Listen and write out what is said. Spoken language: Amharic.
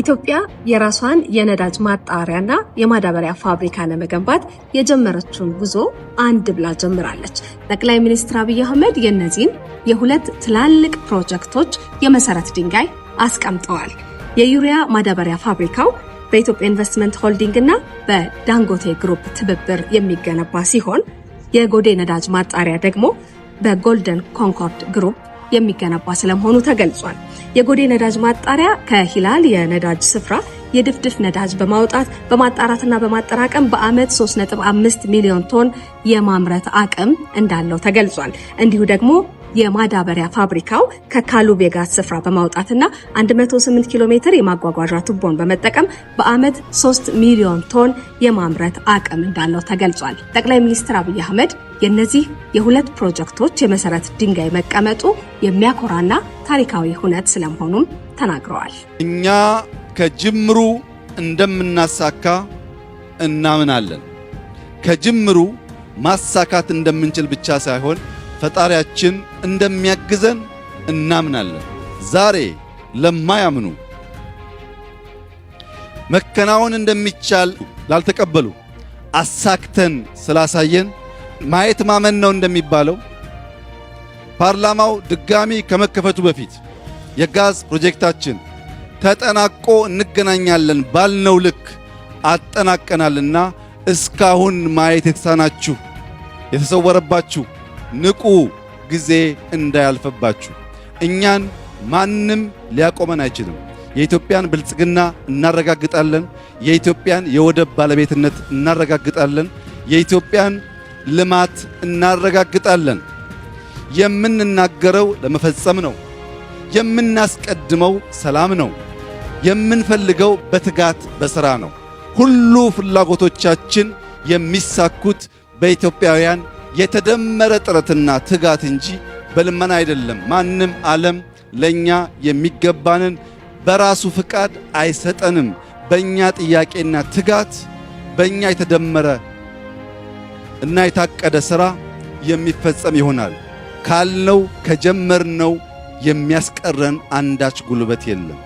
ኢትዮጵያ የራሷን የነዳጅ ማጣሪያና የማዳበሪያ ፋብሪካ ለመገንባት የጀመረችውን ጉዞ አንድ ብላ ጀምራለች። ጠቅላይ ሚኒስትር አብይ አህመድ የእነዚህን የሁለት ትላልቅ ፕሮጀክቶች የመሰረት ድንጋይ አስቀምጠዋል። የዩሪያ ማዳበሪያ ፋብሪካው በኢትዮጵያ ኢንቨስትመንት ሆልዲንግ እና በዳንጎቴ ግሩፕ ትብብር የሚገነባ ሲሆን የጎዴ ነዳጅ ማጣሪያ ደግሞ በጎልደን ኮንኮርድ ግሩፕ የሚገነባ ስለመሆኑ ተገልጿል። የጎዴ ነዳጅ ማጣሪያ ከሂላል የነዳጅ ስፍራ የድፍድፍ ነዳጅ በማውጣት በማጣራትና በማጠራቀም በአመት 3.5 ሚሊዮን ቶን የማምረት አቅም እንዳለው ተገልጿል። እንዲሁ ደግሞ የማዳበሪያ ፋብሪካው ከካሉብ የጋዝ ስፍራ በማውጣትና 108 ኪሎ ሜትር የማጓጓዣ ቱቦን በመጠቀም በዓመት 3 ሚሊዮን ቶን የማምረት አቅም እንዳለው ተገልጿል። ጠቅላይ ሚኒስትር አብይ አህመድ የእነዚህ የሁለት ፕሮጀክቶች የመሰረት ድንጋይ መቀመጡ የሚያኮራና ታሪካዊ ሁነት ስለመሆኑም ተናግረዋል። እኛ ከጅምሩ እንደምናሳካ እናምናለን። ከጅምሩ ማሳካት እንደምንችል ብቻ ሳይሆን ፈጣሪያችን እንደሚያግዘን እናምናለን። ዛሬ ለማያምኑ መከናወን እንደሚቻል ላልተቀበሉ አሳክተን ስላሳየን ማየት ማመን ነው እንደሚባለው ፓርላማው ድጋሚ ከመከፈቱ በፊት የጋዝ ፕሮጀክታችን ተጠናቆ እንገናኛለን ባልነው ልክ አጠናቀናልና እስካሁን ማየት የተሳናችሁ የተሰወረባችሁ ንቁ፣ ጊዜ እንዳያልፈባችሁ። እኛን ማንም ሊያቆመን አይችልም። የኢትዮጵያን ብልጽግና እናረጋግጣለን። የኢትዮጵያን የወደብ ባለቤትነት እናረጋግጣለን። የኢትዮጵያን ልማት እናረጋግጣለን። የምንናገረው ለመፈጸም ነው። የምናስቀድመው ሰላም ነው። የምንፈልገው በትጋት በሥራ ነው። ሁሉ ፍላጎቶቻችን የሚሳኩት በኢትዮጵያውያን የተደመረ ጥረትና ትጋት እንጂ በልመና አይደለም። ማንም ዓለም ለኛ የሚገባንን በራሱ ፍቃድ አይሰጠንም። በእኛ ጥያቄና ትጋት፣ በእኛ የተደመረ እና የታቀደ ሥራ የሚፈጸም ይሆናል። ካልነው ከጀመርነው የሚያስቀረን አንዳች ጉልበት የለም።